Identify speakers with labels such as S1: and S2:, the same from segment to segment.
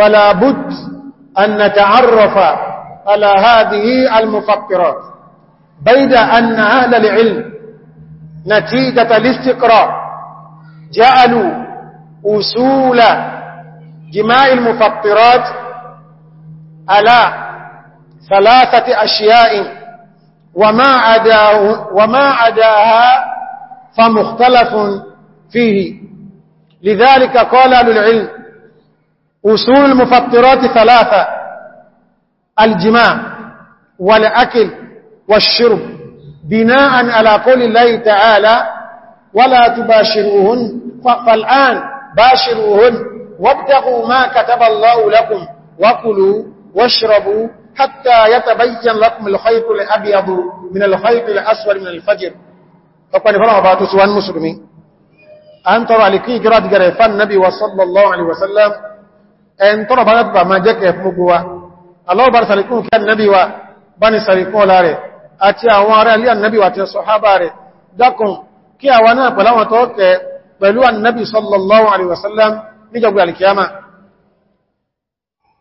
S1: فلا بد أن نتعرف على هذه المفكرات بيد أن أهل العلم نتيجة الاستقراء جعلوا أصول جماع المفكرات على ثلاثة أشياء وما عداه وما عداها فمختلف فيه لذلك قال أهل العلم أصول المفطرات ثلاثة الجماع والأكل والشرب بناء على قول الله تعالى ولا تباشروهن فالآن باشروهن وابتغوا ما كتب الله لكم وكلوا واشربوا حتى يتبين لكم الخيط الأبيض من الخيط الأسود من الفجر فقال فرما باتوا سوى مسلمين أنت رأى لكي جراد جريفان النبي صلى الله عليه وسلم ẹn tọ́rọ bá lápùpà máa jẹ́ kẹfún gbogbo wa aláwọ̀ bá sàrìkún kí annabi wa bá ní sàrìkún ọlá rẹ̀ àti àwọn ará ilé annabi wa ti sọ̀hábà rẹ̀ dákùn kí àwọn náà pẹ̀láwọn tó kẹ pẹ̀lú annabi sallallahu alaihi wasallam níjọgbé alkiyama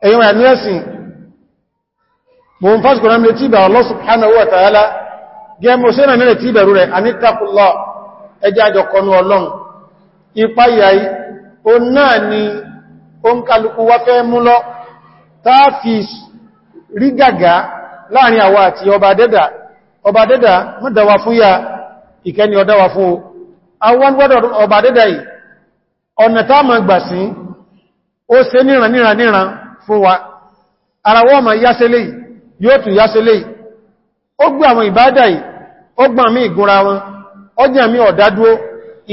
S1: èyí wà ní ẹ̀sìn mo ń fásitì o náà ni ó ń kálukú wá fẹ́ mú lọ táàfì rí gàgà láàrin àwa àti ọba dẹ́dà ọba dẹ́dà mọ́dáwà fún ya ìkẹni ọdáwà fún o àwọn gbọ́dọ̀ ọba dẹ́dà yìí ọ̀nà táà mọ̀ gbà ó ṣe níran níran níran fún wa ara wọ́n ma yásẹ́lẹ̀ yóò tún yásẹ́lẹ̀ ó gbé àwọn ìbádà yìí ó gbà mí ìgúnra wọn ọ̀dádúó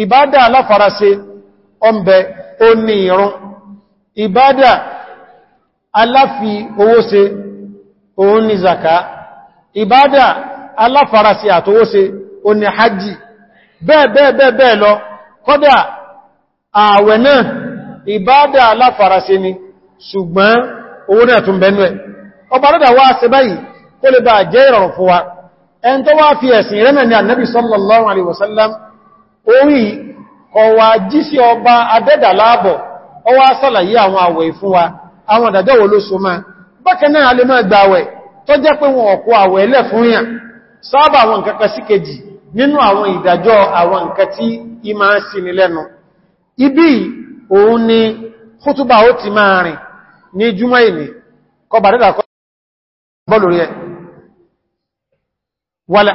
S1: ìbádà aláfarasẹ ó ní ìrún ìbádà aláfi owó ṣe òun ni zaka ìbádà aláfarasí àtowó ṣe òun ni hajji bẹ́ẹ̀ bẹ́ẹ̀ bẹ́ẹ̀ bẹ́ẹ̀ lọ kọ́dà ààwẹ̀ náà ìbádà aláfarasí ni ṣùgbọ́n owó náà tún bẹnu ẹ̀ ọba rọ́dà wá ṣe báyìí kó lè bá jẹ́ ìrọ̀rùn fún wa ẹn tó wá fi ẹ̀sìn rẹ́nà ni annabi sallallahu alaihi orí kọwàá jí sí ọba adẹ́dà láàbọ̀ ó wá sàlàyé àwọn àwẹ̀ fún wa àwọn àdàjọ́ wo ló so máa bákan náà alẹ́ máa gba àwẹ̀ tó jẹ́ pé wọn ọ̀kọ́ àwẹ̀ ẹlẹ́ fún yàn sáábà àwọn nǹkan sí kejì nínú àwọn ìdàjọ́ àwọn nǹkan tí i máa ń sí ni lẹ́nu ibi òun ni kútúbà ó ti máa rìn ní júmọ́ ìní kọba dẹ́dà kọ́ bọ́lù rẹ̀ wàlẹ̀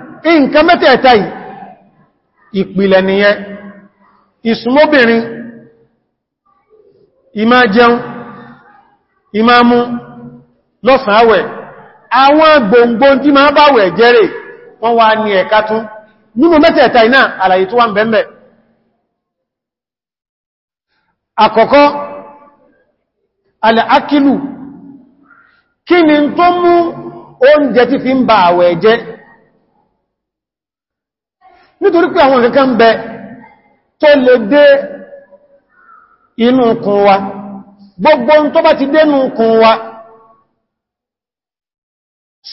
S1: nǹkan mẹ́tẹ̀ẹ̀ta ìpìlẹ̀ nìyẹn ìsúnmọ́bìnrin ìmá jẹun ìmá mú lọ́sàn àwẹ̀ àwọn gbòǹgbò tí ma bá wẹ̀ jẹ́rẹ̀ wọ́n wá ní ẹ̀ka tún nínú mẹ́tẹ̀ẹ̀ta iná àlàyé tó wà ń àkọ́kọ́ fi ba nítorí pé àwọn kankan bẹ tó lè dé inú kùn wa gbogbo tó bá ti dénú kùn wa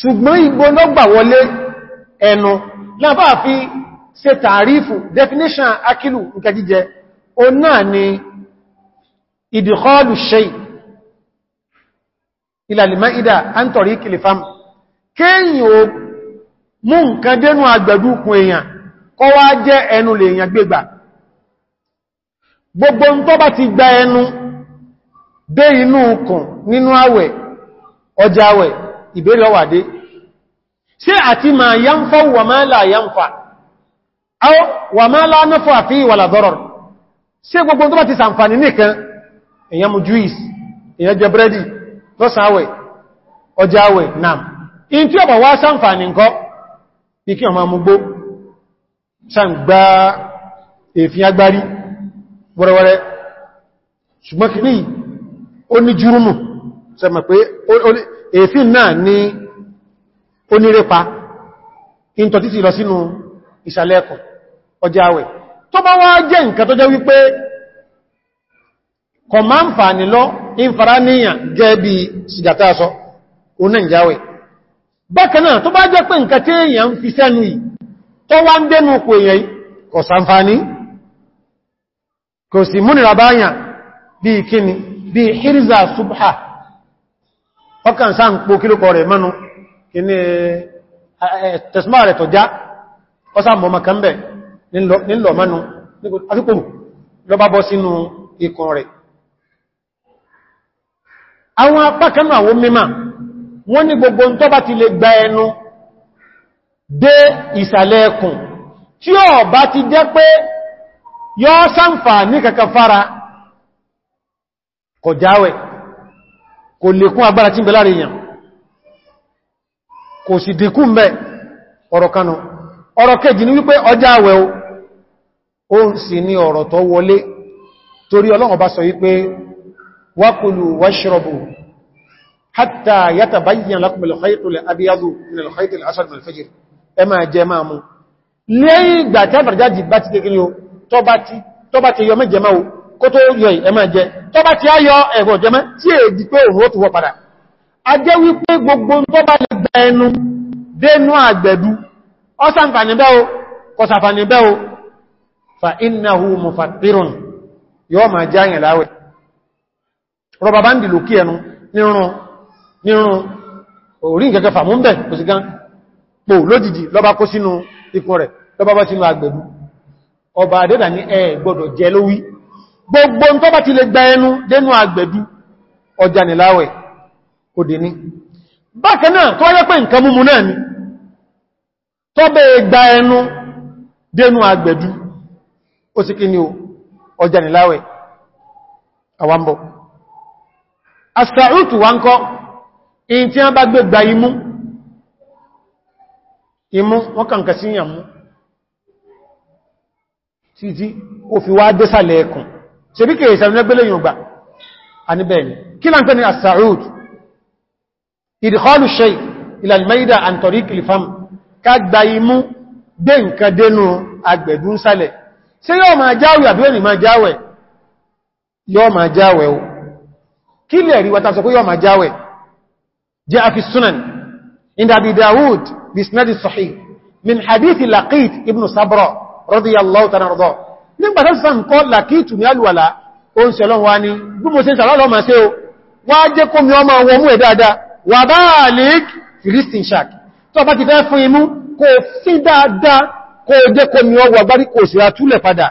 S1: ṣùgbọ́n ìgbónọ́gbà wọlé ẹnu lábá fi ṣe tààrífù definition akílù nǹkan jíjẹ o náà ni ìdìkọlù ṣe ìlàlìmá ìdá àntọ̀rí kìlìfàmù kéyìn o mú nǹkan dénú àgbẹ̀dúkùn èèyàn kọ́ jẹ́ ẹnu lè èyàn gbogbo ń bá ti gba ẹnu dé inú ọkàn nínú àwẹ̀ ọjà àwẹ̀ ìbẹ̀lọ́wàdé ṣe àti ma yánfà wà máa là yánfà wà máa lá náfà ìwàlà ṣe gbogbo tó bá ti sàǹfàní nìkan èyàn èyàn jẹ lọ́sàáwẹ̀ ọjà àwẹ̀ in tí sàn gba èfin agbárí wọ́rẹ̀wọ́rẹ́ ṣùgbọ́n kìí ó ní jùrùmù sẹ́mọ̀ pé èfin náà ní onírepa ìntọ̀ títí lọ sínú ìsàlẹ̀ ẹ̀kọ̀ ọjá àwẹ̀ tó bá wá jẹ́ nǹkan tó jẹ́ wípé kọ máa ń fà ní lọ ìfàrá níyàn gẹ́ bí sìgàtà sọ onáìjáwẹ̀ bákanáà tó bá jẹ́ pé nǹkan tí èèyàn fi sẹ́nu yìí tó wá ń dénú òkú èèyàn kò sàǹfàní kò sì múnira báyàn bí kíni bí hirza subha ọkàn sáà ń pò kílùkọ rẹ̀ mọ́nu kíni tẹ̀sùmá rẹ̀ tó já ọsá mọ́ makambẹ̀ nílọ mọ́nu àfipò lọ bá bọ́ sínú ikùn rẹ̀ àwọn apá kanú àwọn mímọ̀ wọ́n ní gbogbo ń tọ́bá ti lè gba ẹnu dé ìsàlẹ̀ ẹkùn tí ó bá ti jẹ́ pé yóò sánfà ní kankan fara kò jáwẹ̀ kò lè kún agbára tí ń bẹ láàrin èèyàn kò sì dìkú mẹ́ ọ̀rọ̀ kanu ọ̀rọ̀ kejì ní wípé ọjá àwẹ̀ o ó sì ní ọ̀rọ̀ tó wọlé torí Ọlọ́run bá sọ wípé wákùlù wáṣírọ̀bù hatta yatabayyana lakumul ẹ máa jẹ máa mú lẹ́yìn ìgbà tí àbàjájì bá ti tẹ́kiri o tó bá ti yọ mẹ́jẹ máa o kó tó yọ ẹ máa jẹ tó bá ti ayọ ẹ̀rọ jẹmẹ́ tí è di pé òun ó ti wọ padà a jẹ́ wípé gbogbo tó bá lè gba fa innahu mufattirun ń dìlò kí pò lójijì lọba kó sínú ikùn rẹ̀ lọba bá sínú àgbẹ̀dú ọba àdẹ́dà ní ẹ gbọdọ̀ jẹ lówí gbogbo tó bá ti lè gba ẹnu dénú àgbẹ̀dú ọjà nìláwẹ̀ òdì ní bákan náà tó yẹ pé nǹkan múmu náà ni tó bẹ́ gba ẹnu dénú àgbẹ̀dú ó sì kí ni ọjà nìláwẹ̀ àwambọ̀ asàrùtù wa in tí a bá gbé imú imú wọ́n kànkà sí ìyàmú títí ó fi wá désàlẹ̀ ẹkùn ṣe bí kèrè ìsànlẹ́gbẹ́lẹ̀ yọ̀gbà àníbẹ̀ẹ̀ni kí láǹkẹ́ ni as-sa'ud idkhalu shay ila al-mayda an tariq al-fam ká gba imú gbé nǹkan dénú agbẹ̀dún sálẹ̀ ṣe yóò máa jáwẹ̀ àbí ẹni máa jáwẹ̀ sunan عند أبي داود بإسناد الصحيح من حديث لقيت ابن صبرا رضي الله تنرضى nígbà tó sàn kọ́ làkìtù ní alùwàlá o ń sẹ̀lọ́n wa ni bí mo ṣe ń sàrọ́ lọ máa ṣe o wá jẹ́ kó mi ọmọ wọn mú ẹ̀ dáadáa wà bá àlèk filistin shark tó bá ti fẹ́ fún imú kò sí dáadáa kó jẹ́ kó mi ọwọ́ agbárí kò sí àtúlẹ̀ padà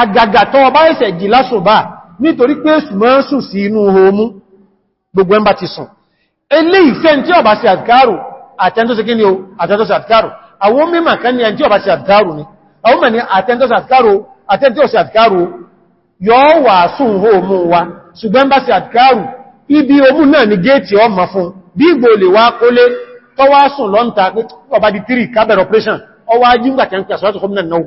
S1: àgàgà tó bá ẹ̀sẹ̀ jì lásùbà nítorí pé sùmọ́ sùn sí inú oòmú gbogbo ẹ̀ bá ti sùn ilé ìfẹ́ tí ọba sí àdìkárù ni o àtẹ́ntọ́sí àdìkárù àwọn mímọ̀ kan ní ẹn tí ọba ni àwọn mẹ́ni àtẹ́ntọ́sí àdìkárù àtẹ́ntọ́sí àdìkárù yọ wà sún hó mú wa ṣùgbọ́n ibi omú ni géètì ọmọ fún bí ìgbò lè wá kólé tó wá sùn lọ́nta ọba di tírì kábẹ̀r operation ọwá jígbà tẹ́ ń pẹ̀ sọ́tọ̀ gómìnà náà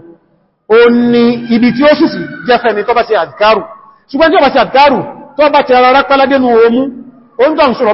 S1: ó ní ibi tí ó sì sí jẹ́fẹ́ ni tó bá sí àdìkárù ṣùgbọ́n tí ó bá sí àdìkárù tó ti rárá pẹ́lẹ́dẹ́nu omú ó ń tọ́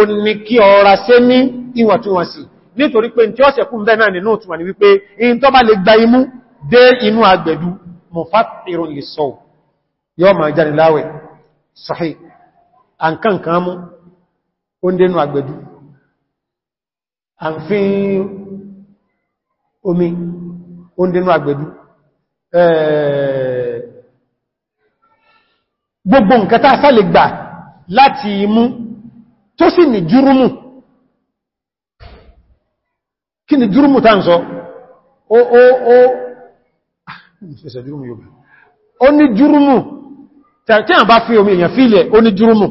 S1: ó ní kí ọ̀rà sé ní ìwọ̀ntúnwọ̀nsì nítorí pé tí ó sẹ̀kú ń bẹ́ náà nínú òtùwà ní wípé in tó bá lè gba imú dé inú agbẹ̀dú mufatirun lè sọ yóò máa jáde láwẹ̀ sọ̀hí gbogbo nǹkan tá sá lè gbà láti imú tó sì ní jùrùmù kí ni jùrùmù tá ń sọ ó ó ó ṣẹ̀ṣẹ̀ ah, jùrùmù yóò ó ní jùrùmù tí a bá fi omi èyàn fílẹ̀ ó ní jùrùmù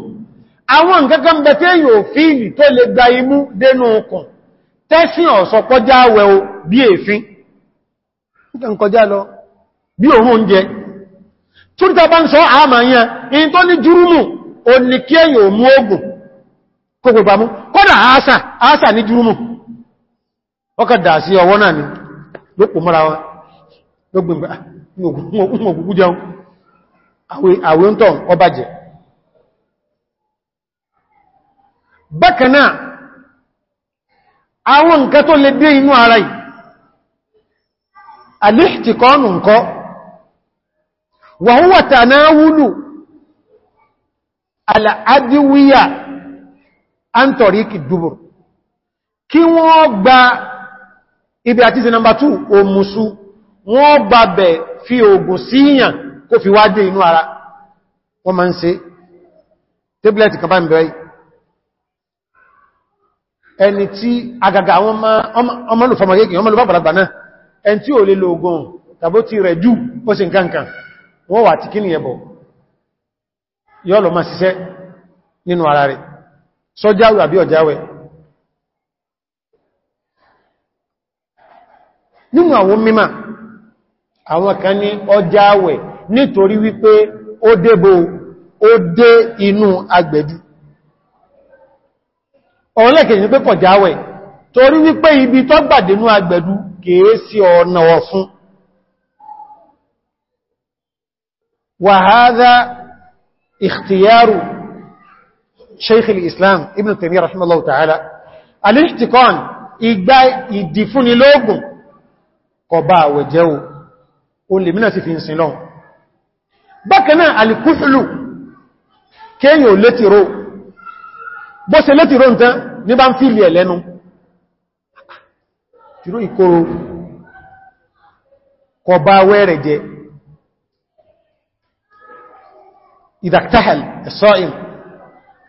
S1: àwọn nǹkankan bẹ tí fíìlì tó lè gba imú dénú ọkàn tẹ́sí ọ̀sọ̀ kọjá wẹ o lọ bí oúnjẹ kókò bá mú kọ́dà àásà àásà ní jùrùmù ọkà dà sí ọwọ́ náà ni ló pò mọ́ra wọn ló gbogbo ah, ògùnkú jẹun àwẹ́ ń tàn ọba jẹ bákanáà àwọn nǹkan tó lè dé inú ara yìí nǹkọ́ wàhúwàtà náà wúlù antoriki dubur kí wọ́n gba ibi àti ṣe nọmbà 2 òmùsù wọ́n gba bẹ̀ fi ògùn síyàn kó fi wá dé ara wọ́n ma ń tablet kan bá ń bẹ̀rẹ̀ ẹni tí agaga àwọn ọmọlùfọmọ yẹ́gì ọmọlùfọmọ náà ẹni tí ò lè lo ògùn tàbó ti rẹ̀ jù ó sì nǹkankan wọ́n wà tí kí ni ẹbọ̀ yọ́ lọ máa ṣiṣẹ́ ara rẹ̀ sọ́jáwẹ̀ àbí ọ̀jáwẹ̀ nínú àwọn mímọ̀ àwọn kan ní ọjáwẹ̀ nítorí wípé ó débò ó dé inú agbẹ̀dú ọ̀rọ̀lẹ́kẹ̀ẹ́ ní pé kọjáwẹ̀ torí wípé ibi tó gbàdénú agbẹ̀dú kèé sí ọ̀nà ọ̀fún wàhádá ìkhtiyaru شيخ الإسلام ابن تيمية رحمه الله تعالى الاحتقان يدفوني لوقم قباء وجو قولي منا تفين سنون بكنا الكحل كي يولتي رو بس يولتي رو انتا نبان في لي لنو ترو يكورو قباء ورجي إذا اكتحل الصائم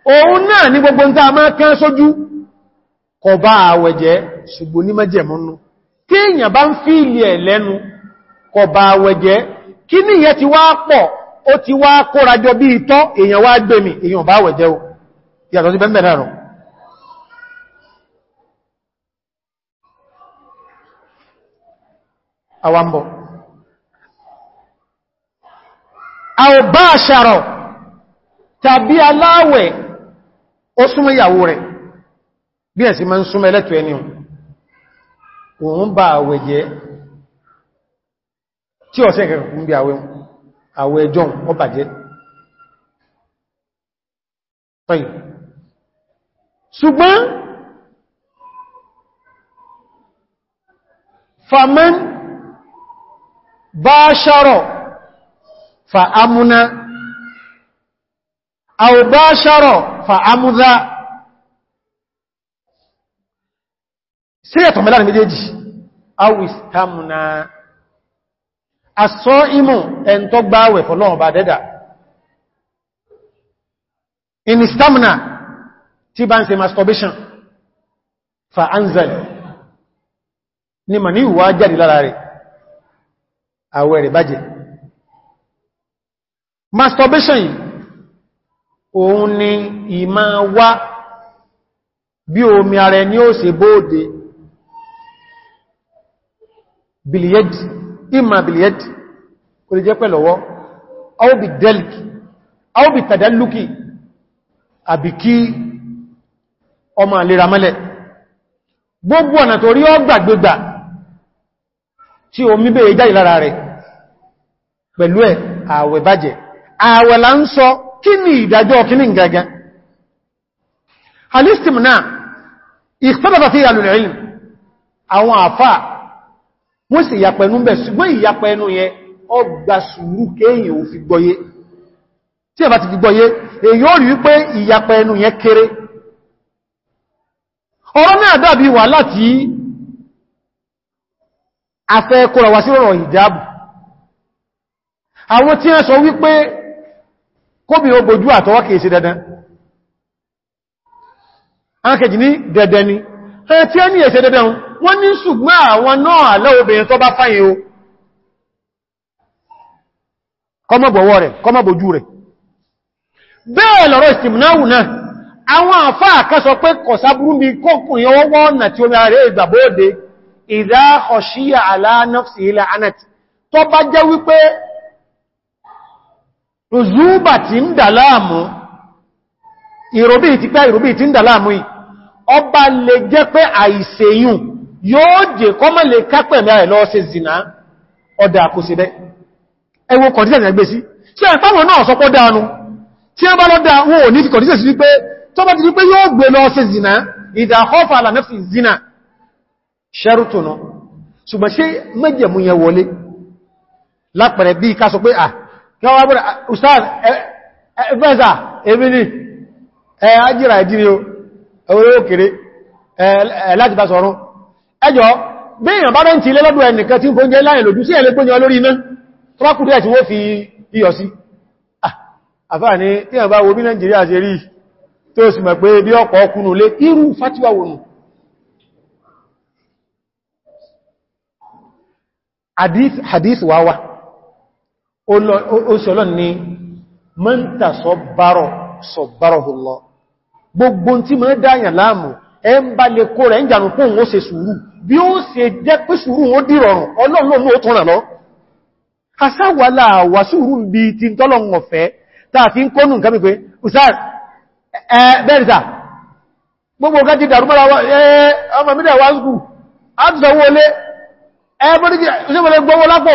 S1: òun náà ní gbogbo ta máa kán sójú kọ bá àwẹ̀ jẹ́ ṣùgbọ́n ní mẹ́jẹ̀mọ́nú kí èyàn bá ń fi ilẹ̀ ẹ̀ lẹ́nu kọ bá kí ní ìyẹ́ ti wá pọ̀ ó ti wá kórajọ bí ìtọ́ èyàn wá gbẹ̀mí èyàn bá àwẹ̀ jẹ́ yàtọ̀ tàbí aláwẹ̀ ó súnmọ́ ìyàwó rẹ̀ bí ẹ̀sì ma ń súnmọ́ ẹlẹ́tọ̀ ẹni òun bá àwẹ̀ jẹ́ tí ọ̀sẹ̀ kẹkẹ̀kù bí àwẹ̀ ẹjọ́ ọ bàjẹ́ tọ́yì ṣùgbọ́n fàmán bá ṣọ́rọ̀ ṣọ́rọ̀ fa'amúdá sí ẹ̀tọ̀ mẹ́lá ní méjèèjì awistamuna asọ́ imọ̀ ẹn tó gbáwẹ̀ fọ́lọ́wọ́ bá dẹ́dà inistamuna tí bá ń ṣe masturbation fa'anzal ni ma ní ìwà jáde lára rẹ̀ àwẹ̀ rẹ̀ bàjẹ́ masturbation yìí òun ni ìmá wá bí omi ara ẹni ó ṣe bóòdé biliyedi ìmá biliyedi kò lè jẹ́ delki aóbi tàdálùkì àbí kí ọmọ àlera mẹ́lẹ̀ gbogbo ọ̀nà tó rí ọgbàgbégbà tí omi bèèrè jáde lára rẹ̀ pẹ̀lú ẹ̀ ààwẹ̀ bàjẹ́ ààwẹ̀ là kí ni ìdájọ́ kí ní gẹ́gẹ́ alistim náà ìfẹ́bàtà sí ìyàlùrẹ̀ ìlú àwọn àfà wọ́n sì ìyàpẹ̀nú bẹ̀ ṣùgbọ́n ìyàpẹ̀nú yẹn ọgbà sùúrù kéèyàn ò fi gbọ́yé tí ẹ̀bá ti fi gbọ́yé èyí ó rí wípé ìyàpẹ̀nú yẹn àwọn tí wọ́n sọ wípé kóbi o bojú àtọwọ́ kìí sí dandan ánkẹjì ní dandan ni ẹn tí ó ní èsẹ dandan wọ́n ní ṣùgbọ́n àwọn náà alẹ́ obìnrin tó bá fáyẹ o kọmọ bọ̀wọ́ rẹ̀ kọmọ bojú rẹ̀ bẹ́ẹ̀ lọ́rọ̀ ìsìmìnáwù náà àwọn àfá àkásọ pé kọ̀sáburú bí kọkùnrin ọwọ́ òzúbà ti ń dà láàmú ìròbí ti pẹ́ ìròbí ti ń dà láàmú yìí ọba lè jẹ́ pé àìsèyùn yóò jẹ kọ́mọ̀ lè kápẹ̀ mẹ́rẹ̀ lọ ṣe zìnà ọdá àkóṣe bẹ́ ẹwọ kọ̀díṣẹ̀ bá ṣùgbọ́n ṣe mẹ́jẹ̀mú yẹn wọlé bí ká sọ pé yọ́n wá bọ́rẹ̀ ustaz ẹ̀fẹ́sà uh, uh, ebi ni ẹ ajíra ìdí ni o ẹwọ́rẹ́ òkèrè láti bá sọ̀rọ̀ ẹjọ́ bí èyàn bá rẹ̀ ń ti ilé lọ́dọ̀ ẹnìkan tí ń kó jẹ́ láyìn lójú sí ẹ̀lẹ́ pé yọ lórí iná tọ́kùnrin ẹ̀tí wó fi iyọ̀ sí àfáà ni tí a bá wo bí Nàìjíríà ṣe rí tó sì mọ̀ pé bí ọ̀pọ̀ ọkùnrin lé irú fátíwà wòrùn hadith wà wà òṣèlọ́n ni mọ́ntà sọ̀bárọ̀ sọ̀bárọ̀hùlọ gbogbo tí mọ́ dáyàn láàmù ẹ bá lè kó rẹ̀ ń jànú fún òun ó ṣe sùúrù bí ó suru jẹ́ pé sùúrù ó dìrọ̀rùn ọlọ́run fi gbogbo ọmọ ń ti sọ owó olé ẹ lápò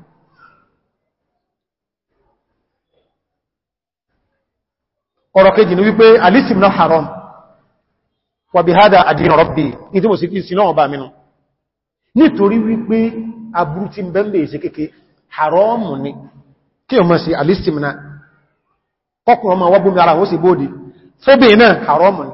S1: ọ̀rọ̀ kejì ni wípé alisim náà haram wà bí hádà àdínà rọ́bì ní tí mo sì fi sínáà ọba mínú nítorí wípé aburú ti bẹ́m̀bẹ̀ ìṣẹ́ kéèké haramu ni kí o mọ́ sí alisim náà kọkùnrin ọmọ wọ́bùn ara ó sì bóòdì fóbì náà haramu ni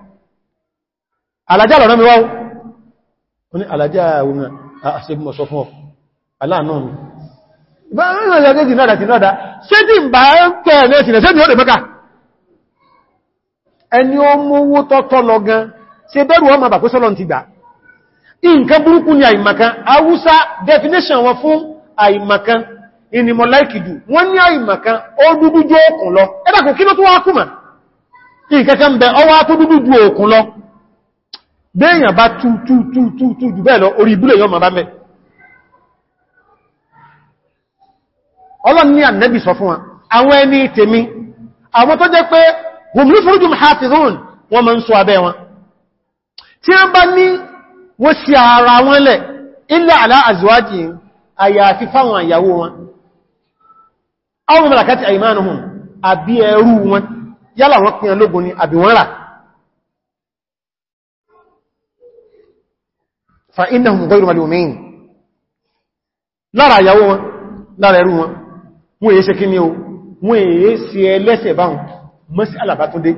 S1: alájá lọ́nà mi wáwó ó ní alájá òun àṣẹ́gbùmọ̀ sọ fún ọ aláàánà mi bá rán ìrìnlẹ̀ tìnádà tìnádà ṣé tí ń bá ń tẹ́ ẹ̀mẹ́ ìsìnlẹ̀ ṣé ni ó ẹni ó mówó tọ́tọ́ definition wọn fún àìmàkan ìnìmọ̀ láìkì jù wọ́n ní àìmàkan ó dúdú jù òkun lọ ẹ́dàkùn kí ló tó wá lọ béèyàn bá tú tú tú tú tú jù bẹ́ẹ̀ lọ orí ibúlẹ̀ yọ ma bá mẹ́ ọlọ́n ní ànẹ́bì sọ fún wa àwọn ẹni tèmi àwọn tó jẹ́ pé hùmlú fúrújùm hafizun wọ́n ma ń sọ abẹ́ wọn tí a bá ní wọ́n sí ara wọn lẹ̀ illa ala azwajihim àyàfi fáwọn àyàwó wọn yálà wọn pín ológun ni àbí wọn rà فإنهم غير ملومين lára àyàwó wọn lára ẹrú wọn wọ́n èé ṣe kí ní o wọ́n èé ṣe ẹlẹ́ṣẹ̀ báhùn mọ́sí alàbátúndé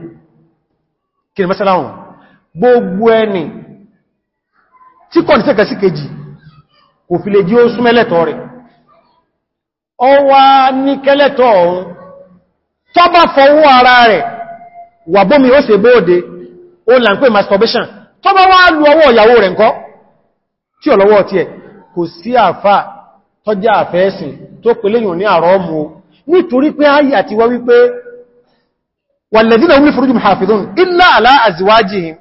S1: kí ni mọ́sí aláhùn gbogbo ẹni tí kọ̀ ní sẹ́kẹ̀ sí kejì kò fi lè jí ó súnmẹ́lẹ́tọ̀ rẹ̀ ọ wá ní kẹ́lẹ́tọ̀ ọ̀hún tọ́ bá fọwọ́ ara rẹ̀ wà bómi ó ṣe bóòde ó là ń pè masturbation tọ́ bá wá lu ọwọ́ ìyàwó rẹ̀ nǹkan tí ọlọ́wọ́ ti ẹ̀ kò sí àfá tọ́já àfẹ́ẹ̀sìn tó pèlé yàn ní àrọ́ mú nítorí pé ayé àti wọ́n wípé walladhina hum li furujihim hafidhun illa ala azwajihim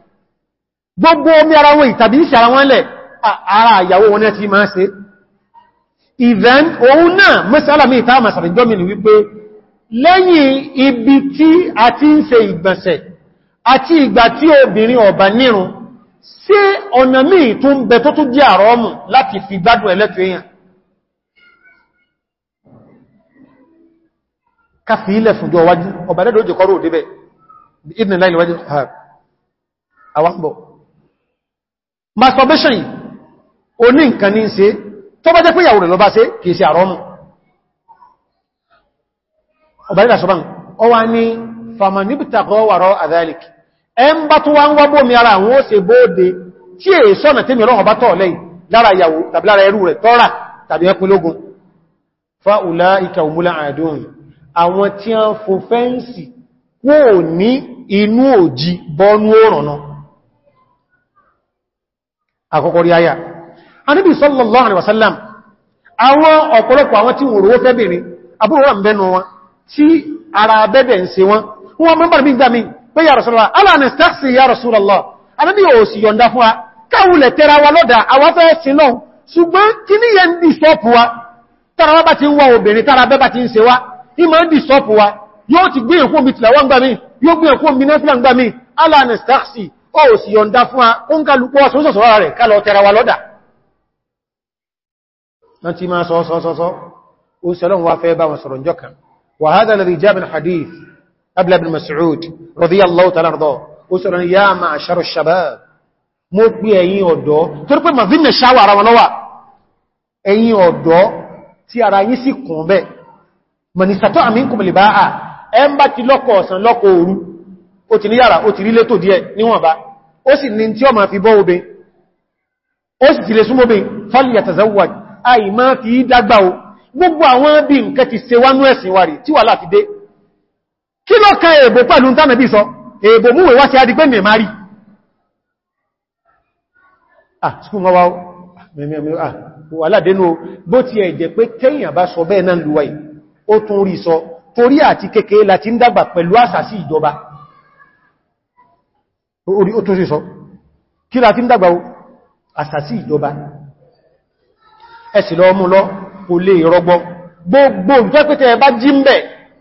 S1: gbogbo omi ara wọn ìtàbí ìṣẹ́ ara wọn lẹ̀ ara ìyàwó wọn ti máa ṣe ìvẹ́n òun náà mẹ́sàlá mi ìta àmàsàrí jọ́mì wípé lẹ́yìn ibi tí a ti ń ṣe ìgbọ̀nsẹ̀ àti ìgbà tí obìnrin ọ̀bà nírun sí ọ̀nà míì tó ń bẹ tó tó jẹ́ àrọ́mù láti fi gbádùn ẹlẹ́tọ̀ èèyàn káfí ilẹ̀ fún jọ wájú ọba lẹ́dọ̀ òjò kọrò òdébẹ̀ ìdìnà láìlẹ̀ wájú àwọ́pọ̀ masturbation oní nǹkan ní ṣe tó bá jẹ́ pé ìyàwó rẹ̀ lọ bá ṣe kìí ṣe àrọ́mù ọba lẹ́dà sọ́bàn ọwá ní famanibtakọ wàrọ àdáyàlìkì ẹn bá tó wá ń wá bóòmí ara àwọn ó bóòdé tí è sọ́nà tí mìíràn ọba tọ́ lẹ́yìn lára ìyàwó tàbí lára ẹrú rẹ̀ tọ́rà tàbí ẹkùn fáúlá ìkà òmúlá àádọ́rùn àwọn tí a fò fẹ́ǹsì kó ní inú òjì bọ́nú wasallam pé ya Rasulullah aláàrin stasi ya Rasulullah anábí ò sì yọ̀nda fún wa káwulẹ̀ tẹ́ra wa lọ́dà àwáfẹ́ sí náà ṣùgbọ́n kí ní yẹn dì sọ́pù wa tara wá bá ti ń wá obìnrin tara bẹ́ bá ti ń ṣe wá ìmọ̀ dì sọ́pù wa yóò ti gbé ẹ̀kú omi tìlàwọ́ gbà mí yóò gbé ẹ̀kú omi náà gbà mí aláàrin stasi ò sì أبلا بن مسعود رضي الله تعالى رضاه أسرنا يا معشر الشباب mo pé ẹ̀yin ọ̀dọ́ torí pé ma vinna ṣáwà ara wọn lọ́wà ẹ̀yin ọ̀dọ́ tí ara yín sì kùn bẹ́ mọ̀nìsàtọ́ àmínkùn lè bá à ẹ ń bá ti lọ́kọ̀ ọ̀sán lọ́kọ̀ òru ó ti ní yàrá ó ti rí létò díẹ̀ níwọ̀nba ó sì ní tí ó ma fi bọ́ obe ó sì ti lè súnmọ́ obe fọ́lìyàtàzẹ́wà àì má fi dágbà o gbogbo àwọn bí nǹkan ti ṣe wánú ẹ̀sìn wà rí tí wà láti dé kí ló ka èbò pẹ̀lú ń tánàbí sọ èbò múwẹ̀ wá sí adì pé mẹ́mà rí ah skún wọ́wọ́ aládẹ́nu bó ti ẹ̀jẹ̀ pé tẹ́yìn bá sọ bẹ́ẹ̀ náà lúwà ó tún rí sọ torí àti kékeré láti ń dàgbà pẹ̀lú àsàsí ìjọba ó tún sí sọ kí láti ń dàgbà àsàsí ìjọba ẹ̀sì lọ mú lọ kò lè rọgbọ gbogbo ìjọ́ pẹ́tẹ̀ bá jí ń bẹ̀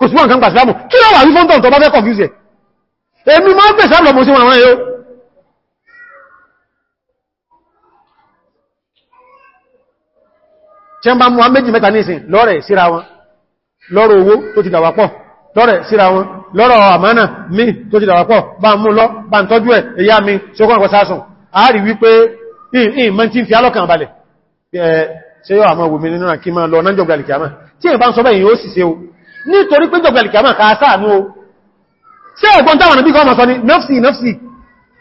S1: kò sí wọn kan gbàsílámù kí lọ wà wífọ́n tọ́ntọ́ bá fẹ́ kọ̀fíúsẹ̀ èmi máa ń pèsè àmì lọ́mọ́ sí wọn àwọn ẹ̀yọ́ tí a bá mú wọn méjì mẹ́ta ní ìsìn lọ́rẹ̀ síra wọn lọ́rọ̀ owó tó ti dàwàpọ̀ lọ́rẹ̀ síra wọn lọ́rọ̀ àmánà mi tó ti dàwàpọ̀ bá mú lọ bá ń tọ́jú ẹ̀ a rí wípé ìhìn mọ́ tí ń fi alọ́kàn balẹ̀ ṣe yóò àmọ́ òwúmi nínú àkímọ́ lọ náà jọ gbàlìkì àmà tí èyàn bá ń sọ bẹ́yìn ó sì ṣe o nítorí pé jọ̀gbẹ̀lì kìámà ká sáànú o ṣe ẹ̀gbọ́n táwọn nàbí kọ́ mọ̀sọ́ ni nafsi nafsi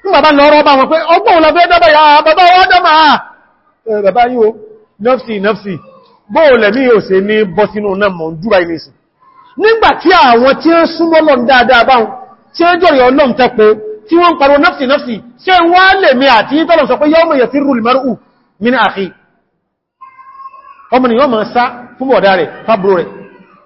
S1: ní bàbá lọ́rọ́ bá wọn pé ọgbọ́n òun lọ́fẹ́ dábà ya bàbá wọ́n dábà bàbá yíò nafsi nafsi bóòlẹ̀ mí ò se ní bọ́ sínú náà mọ̀ dúbà ìrìnsì nígbà tí àwọn tí ó súnmọ́ lọ́n dáadáa bá wọn nafsi nafsi ṣe wọ́n lè mi àti ìtọ́lọ̀ sọ pé yawma yafirru al-mar'u min akhi ọmọ ni yọ́ ma sá fún bọ̀dá rẹ̀ fábúrò rẹ̀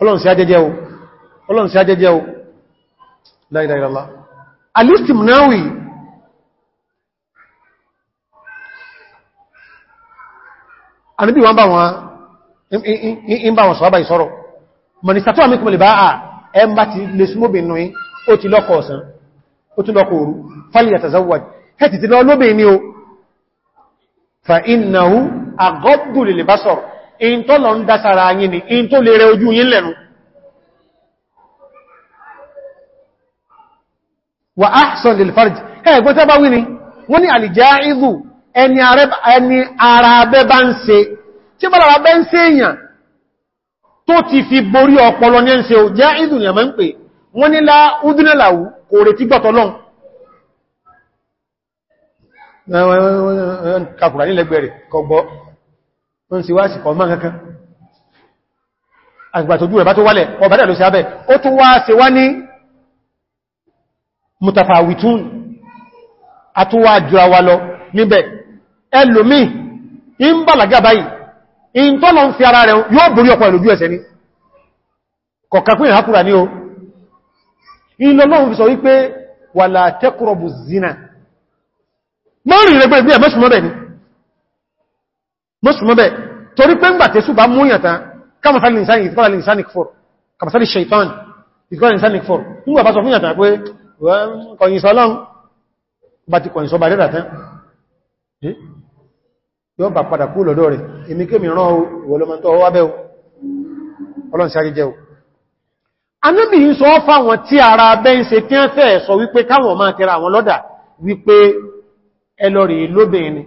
S1: ọlọ́run sí ajẹ́jẹ́ o ọlọ́run sí ajẹ́jẹ́ o la ilaha illallah alistimnawi anibi wọn bá wọn in bá wọn sọ́ọ́bà ìsọ́rọ̀ mọ̀nìsàtọ́ àmì kùmọ̀lẹ̀ bá à ẹn bá ti lè súnmọ́bìnú ó ti lọ́kọ ọ̀sán ó ti lọ́kọ òru falyatazawwaj hẹ́tì ni o fa in tó lọ ń dására yìí ni in tó lè rẹ ojú yìí lẹ́nu wà áṣọ́ lè fàájì ẹgbẹ́ tẹ́bá wí ni wọ́n ni àlìjá ìzù ẹni ara abẹ́ bá ń ṣe tí bá lára bẹ́ ń ṣe èèyàn tó ti fi borí ọpọlọ ní ẹnṣe òjá ìzù ni àmọ́ ń pè wọ́n ni láúdínlẹ̀láwú kò retí gbọ́tọ̀lọ́n kàkùrà nílẹ̀gbẹ̀rẹ̀ kọgbọ́ wọ́n sì wá sí kọ̀ máa kankan àgbàtòjú rẹ̀ bá tó wálẹ̀ ọba dẹ̀ ló sí abẹ́ ó tún wá sí wá ní mutafawitun àtúwà jùra wa lọ níbẹ̀ ẹlòmí in bàlágà báyìí in tó ń fi ara rẹ̀ yóò borí ọ̀pọ̀ ìlú ẹsẹ̀ ní mọ́sùmọ́bẹ̀ torí pé ń gbà tẹ́sù bá múyàn tán kàmàsàlì ìsáni ìtìkọ́lá ìsáni kìfòrò kàmàsàlì ṣeitán ìtìkọ́lá ìsáni kìfòrò nígbà bá sọ fún yàtà pé kọ̀yìnsọ́ lọ́n bá ti kọ̀yìnsọ́ eh, bá rẹ̀ tán yóò bà padà kú lọ́dọ̀ rẹ̀ èmi kémi rán ìwọlọ́mọ́ntọ́ wá bẹ́ ọlọ́n sáré jẹ́ anábì ń sọ fáwọn tí ara abẹ́ ń ṣe kí wọ́n fẹ́ sọ lọ́dà wípé ẹlọ́rìí lóbìnrin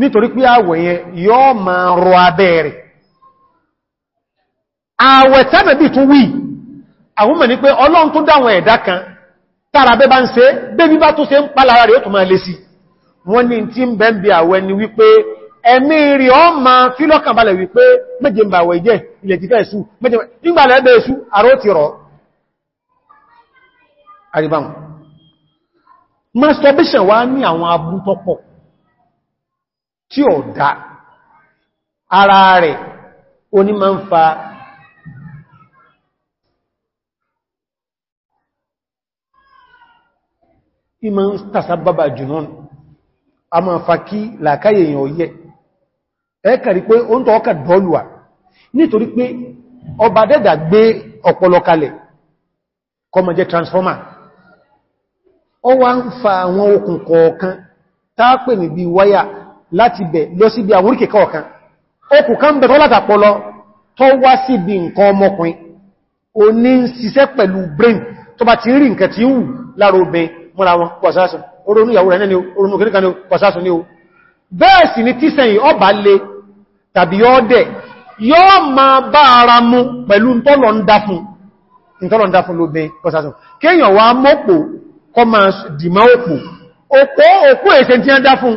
S1: nítorí pé àwẹ̀ yẹn yóò máa rọ abẹ́ẹ̀rẹ̀ àwẹ̀ tẹ́mẹ̀ bí tún wí àwọn mẹ́ ní pé ọlọ́run tó dáwọn ẹ̀dá kan tára bẹ́ bá ń ṣe bébí bá tó ṣe ń pàlára rẹ̀ ó tún máa lè sí wọ́n ní tí ń bẹ́m̀bí àwẹ̀ ni wípé ẹ̀mí rí ọ ma fi lọ́kàn balẹ̀ wípé méje ń tí ó dá ara rẹ̀ oní máa ń fa ìmọ̀ ń tàṣàbàbà jùnún a máa fa kí làkáyè èèyàn yẹ ẹ́kàrí pé o ń tọ́ ọkà dọ́lùwà nítorí pé ọba dẹ́dà gbé ọpọlọ kalẹ̀ kọmọ jẹ́ transformer ó wá ń fa àwọn okùn kọ̀ọ̀kan tápẹ̀ níbi wáyà láti bẹ̀ lọ sí bí àwúrí kẹkọ́ ọ̀kan okù kan bẹ̀ tọ́lá tàpọlọ tó wá sí bí nǹkan ọmọkùnrin o ní ṣiṣẹ́ pẹ̀lú brain tó bá ti rí nǹkan tí wù lára obìn múra wọn pọ̀sásùn orónú ìyàwó rẹ̀ ní orónú kìníkan ní pọ̀sásùn ní o bẹ́ẹ̀ ni tíṣẹ̀yìn ọba le tàbí ọdẹ yóò máa bá ara mú pẹ̀lú ntọ́lọ̀ ń dá fún lóbin pọ̀sásùn kéèyàn wá mọ́pò èsẹ̀ tí wọ́n dá fún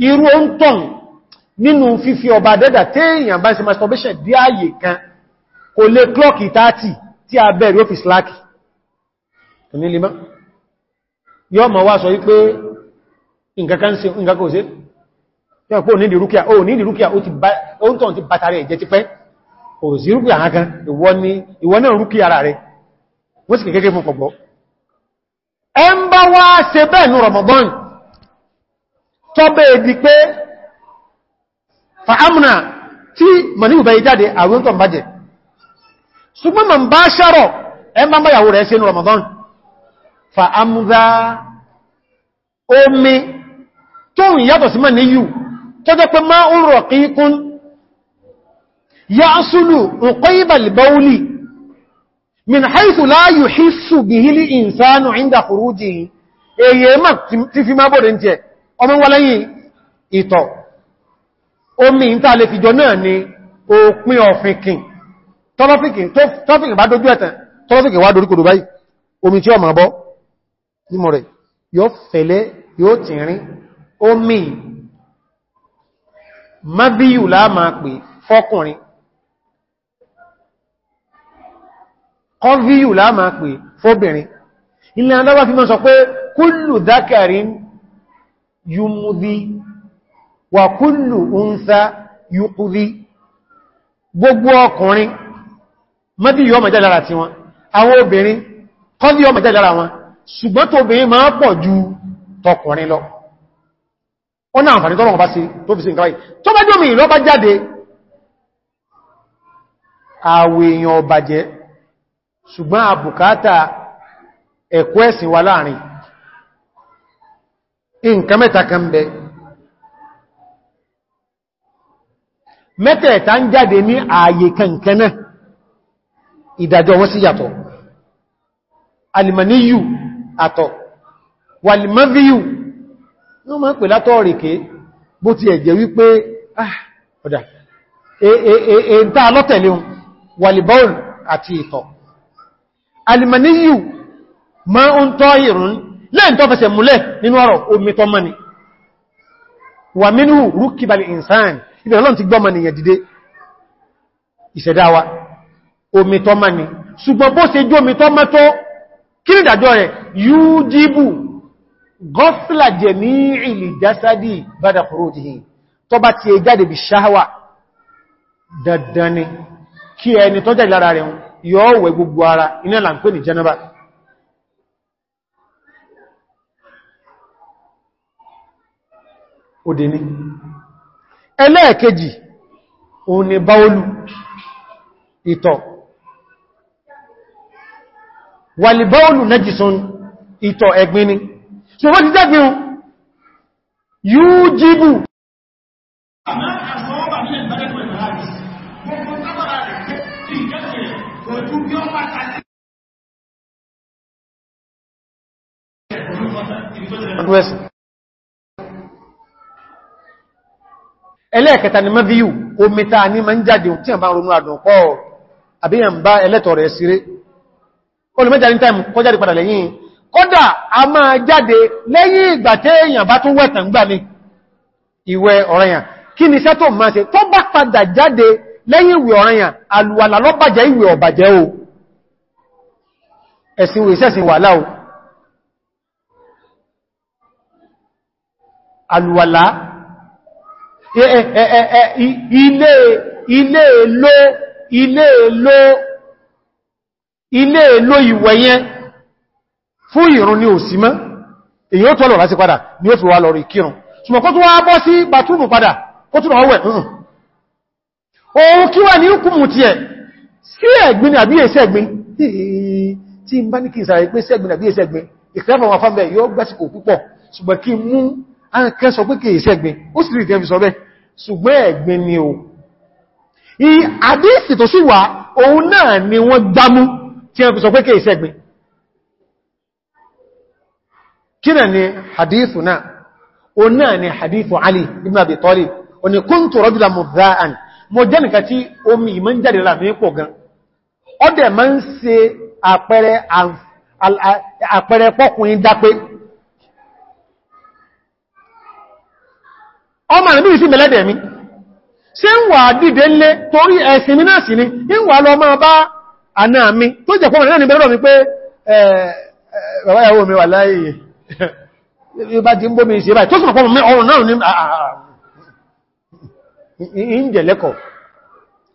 S1: irú o ń tàn nínú fífi ọba dẹ́dà téèyàn bá ṣe masturbation dí ààyè kan kò lè klọ́kì 30 tí a bẹ̀rẹ̀ ó fi sláàkì ní lè máa yọ́ ma wá sọ wípé nǹkankan ṣe nǹkankan ṣe yọ́ pé ò nídìí rúkíà ò nídìí rúkíà ń bá wá ṣe bẹ́ẹ̀ ní Ramadan tọ́bẹ̀ èdì pé fa'amna tí mọ̀níwù bẹ̀ ìjáde àwọn tó ń bájẹ̀. ṣùgbọ́n mọ̀ bá ṣọ́rọ̀ ẹ máa báyàwó rẹ̀ sínú Ramadan fa'amza omi tó ń yàtọ̀ sí mọ̀níyù tó jẹ́ pé máa ń rọ̀ kíkún ya asulu uqaybal bawli min haythu la yuhissu bihi insanu 'inda khurujihi èyí ẹ̀mà ti fi máa bọ̀rẹ̀ ń jẹ́ ọmọ wọ́n lẹ́yìn ìtọ̀ omi ìta lè fìjọ náà ni òpin ọ̀fìnkìn tọ́fìnkìn bá dojú ẹ̀tàn tọ́fìnkìn wá dorí kòdò báyìí omi tí ó ma bọ́ nímọ̀ rẹ̀ yóò fẹ̀lẹ́ yóò tìrín omi mábíyù láàmà pè fọ́kùnrin kọ́víyù láàmà pè fóbìnrin ilẹ̀ adáwà fi mọ́ sọ pé kúlù dákẹ̀rin yúmúdí wà kúlù oúnsá yúkúdí gbogbo ọkùnrin mọ́dí yọ́ mẹ́jẹ́ lára ti wọn àwọn obìnrin kọ́dí yọ́ mẹ́jẹ́ lára wọn ṣùgbọ́n tó obìnrin máa pọ̀ ju tọkùnrin lọ ó náà àǹfàní tọ́lọ̀ bá sí tó fi sí nǹkan tó bá jọmí lọ bá jáde àwẹ̀ ọbàjẹ́ ṣùgbọ́n àbùkátà ẹ̀kọ́ ẹ̀sìn wà láàrin nǹkan mẹ́ta kan bẹ mẹ́tẹ̀ẹ̀ta ń jáde ní ààyè kankan náà ìdàjọ́ wọ́n sí yàtọ̀ alìmọ̀níyù àtọ̀ wàlìmọ́víyù ní wọ́n máa pè látọ̀ rèké bó ti ẹ̀jẹ̀ wípé ah, ọ̀dà èntà e, e, e, lọ́tẹ̀lẹ́ wàlìbọ́ọ̀lù àti ìtọ̀ alìmọ̀níyù ma ń tọ́ ìrún lẹ́yìn tó fẹsẹ̀ múlẹ̀ nínú ọ̀rọ̀ omi tọ́ mọ́ni wà mínú rúkìbàlì ìsàn ìbẹ̀rẹ̀lọ́n ti gbọ́mọ̀ nìyàn dìde ìṣẹ̀dáwa omi tọ́ mọ́ni ṣùgbọ́n bó ṣe jú omi tọ́ mọ́ tó kí ní ìdàjọ́ rẹ̀ yújíbù gọ́sìlà jẹ̀mí ìlì jásádì bádà kúròjì tó bá ti jáde bí ni kí ẹni ó dé ní ẹlẹ́ẹ̀kejì òun ni báólù ìtọ̀ wàlì báólù najisun ìtọ̀ ẹ̀gbin ni ṣùgbọ́n ti jẹ́gbin yóò jíbù Ọdún ẹlẹ́ẹ̀kẹta ni mẹ́bíyù omi ta ní ma ń jáde tí àbá ronú àdùn pọ̀ àbíyàn bá ẹlẹ́tọ̀ rẹ̀ síré olùmẹ́jà ní tàìmù kọ́ jáde padà lẹ́yìn kódà a máa jáde lẹ́yìn ìgbà téèyàn bá ni sẹ́tò máa ṣe tó bá padà jáde lẹ́yìn ìwẹ̀ ọ̀ranyàn àlùwàlà ló bàjẹ́ ìwẹ̀ ó bàjẹ́ o ẹ̀sìn ìwẹ̀ ìṣẹ́sìn wà Eh, eh, eh, ilé ilé èlò ilé èlò ilé èlò ìwẹ̀ yẹn fún ìrun ni ò sí mọ́ èyí ó tọ́lọ̀ láti padà ni ó fi wá lọ rí kírun ṣùgbọ́n kó tún wá bọ́ sí bàtúrù padà kó tún ọwẹ́ ohun kí wà ní hukumu ti ẹ̀ sí ẹ̀gbin àbí ẹ̀sẹ̀gbin tí ń bá ní kí ìsàrẹ̀ pé sẹ́gbin àbí ẹ̀sẹ̀gbin ìkẹ́fà wọn fábẹ̀ yóò gbásìkò púpọ̀ ṣùgbọ́n àkẹ́ sọ pé kìí sẹ́gbìn ó sì rí ìtẹ́ fi sọ bẹ́ ṣùgbẹ́ ẹ̀gbìn ni o àdíìsì tó sì wà òun náà ni wọ́n gbámú tí wọ́n fi sọ pé kìí sẹ́gbìn kí náà ni hadithu náà o náà ni hadithu Ali ibn Abi Talib o ni kuntu rajulan mudha'an mo jẹ́ nìkan tí omi ìmọ̀ ń jáde lára mi pọ̀ gan ọdẹ̀ máa ń ṣe àpẹẹrẹ pọ́kùnrin dápé ọmọ àmì ìsìn mẹ́lẹ́dẹ̀ mi ṣe ń wà dìde lé torí ẹ̀sìn mi náà sí ni ń wà lọ máa bá àná mi tó jẹ́ pọ́mọ̀ náà ní bẹ̀rẹ̀ mi pé bàbá ìyàwó mi wà láàyè bá jí ń bó mi ṣe báyìí tó sùn pọ́mọ̀ mi ọrùn náà ní ah, ah, ah. ìjẹ̀lẹ́kọ̀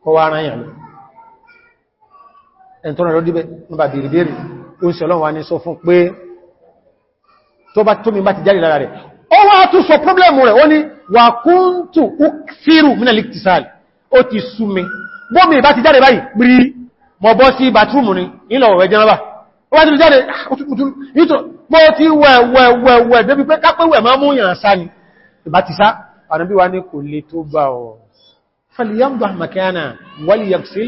S1: ọwọ́ ara yàn lọ ẹ̀ntọ́nà ló díbẹ̀ ní bàbí ìrìbẹ̀rì ti jáde lára rẹ̀ ó wá tún sọ pọ́blẹ̀mù rẹ̀ ó ní wà kúntù fíìrù mínà lìtìsáàlì ó ti súnmi bọ́mì bá ti jáde báyìí pírí mọ̀ bọ́ sí bàtúrùmù ní ìlọ̀wẹ̀ jẹ́nàbà ó bá ti jáde ah, mọ́ ti wẹ̀wẹ̀wẹ̀ débi pé kápẹ́wẹ̀ máa ni ìbátisa ànábí wa ní kò lè tó bá ọ̀ fàlìyàmdọ̀ àmàkẹ́yànà wàlìyàksí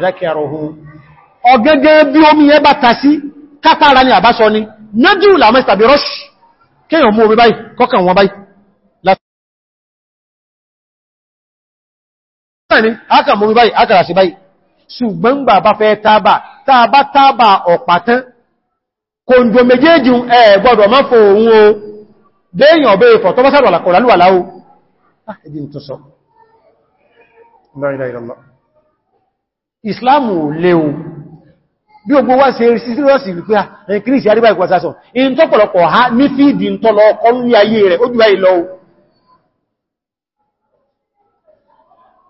S1: zákẹrọ̀hù ọ̀gẹ́gẹ́ bí omi yẹ bá ta sí kátàrà ní àbásọ ni nájú làmẹ́sàbí rọ́ṣì kéèyàn mú omi báyìí kọ́kàn ni aka mú bayi, aka rà sí báyìí ṣùgbọ́n gbà bá fẹ́ tábà tábà tábà ọ̀pàtán kòndò méjèèjì ẹ gbọ́dọ̀ má fò òun o déèyàn ọ̀bẹ́ ìfọ̀ tó bọ́sàrọ̀ àkọ̀lálùwà láwó la lè o bí ogbó wá sí erí síríọ́sì wípé ah, ẹ̀kìrìsì àríbá ìkwàsásọ̀ in tọ́pọ̀lọpọ̀ ha ní fíìdì ń tọ́lọ ọkọ̀ ní ayé rẹ̀ ó jù báyìí lọ́wọ́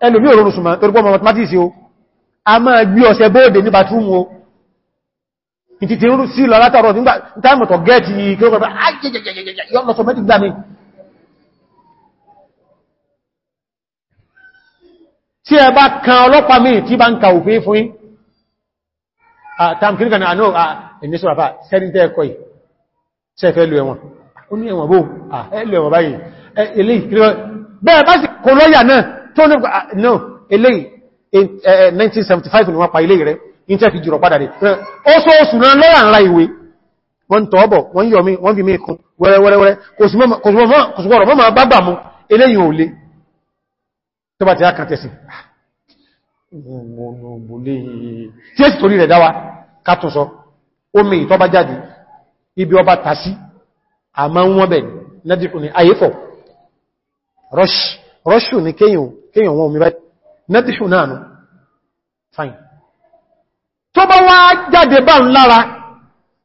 S1: ẹlùmí òrùn sùmọ̀ torí pọ́ mathematics o a máa gbí ọ̀sẹ̀ bóòdè ní bathroom o ìtì tí rú sí lọ látàrọ̀ nígbà táìmọ̀tọ̀ gẹ́ẹ̀tì kílọ́gbà ayẹyẹyẹyẹ gbà mí tí ẹ bá kan ọlọ́pàá mi tí bá ń ka òfin fún yín tàbí kan àánú ẹ̀mẹ́sọ́ àfà sẹ́ríntẹ́ ẹ̀kọ́ yìí sẹ́fẹ́ lù ẹ̀wọ̀n ó ní ẹ̀wọ̀n bó ẹ̀lù ẹ̀wọ̀n tó ní ah, no eléyìí 1975 eh, eh, ni wọ́n pa ilé rẹ̀ in tẹ́ fi jùrọ̀ padà rẹ̀ oṣooṣù eh, náà lọ́rà ńlá ìwé wọ́n tọ́ọ̀bọ̀ wọ́n yọ mí wọ́n fi mí kún wẹ́rẹ́wẹ́rẹ́ kòsùgbọ́rọ̀ mọ́ máa bábà mú eléyìí ò lé tó bá ti á kàtẹ̀sì tí èsì torí rẹ̀ dáwà kátùsọ omi ìtọ́bá jáde ibi ọba tàṣí àmá wọ́n bẹ̀ nẹ́dìkùn ni ayéfọ̀ rush rọ́ṣù ní kéyàn wọn omi báyìí nẹ́tíṣù náà fine tó bá wá jáde bá ń lára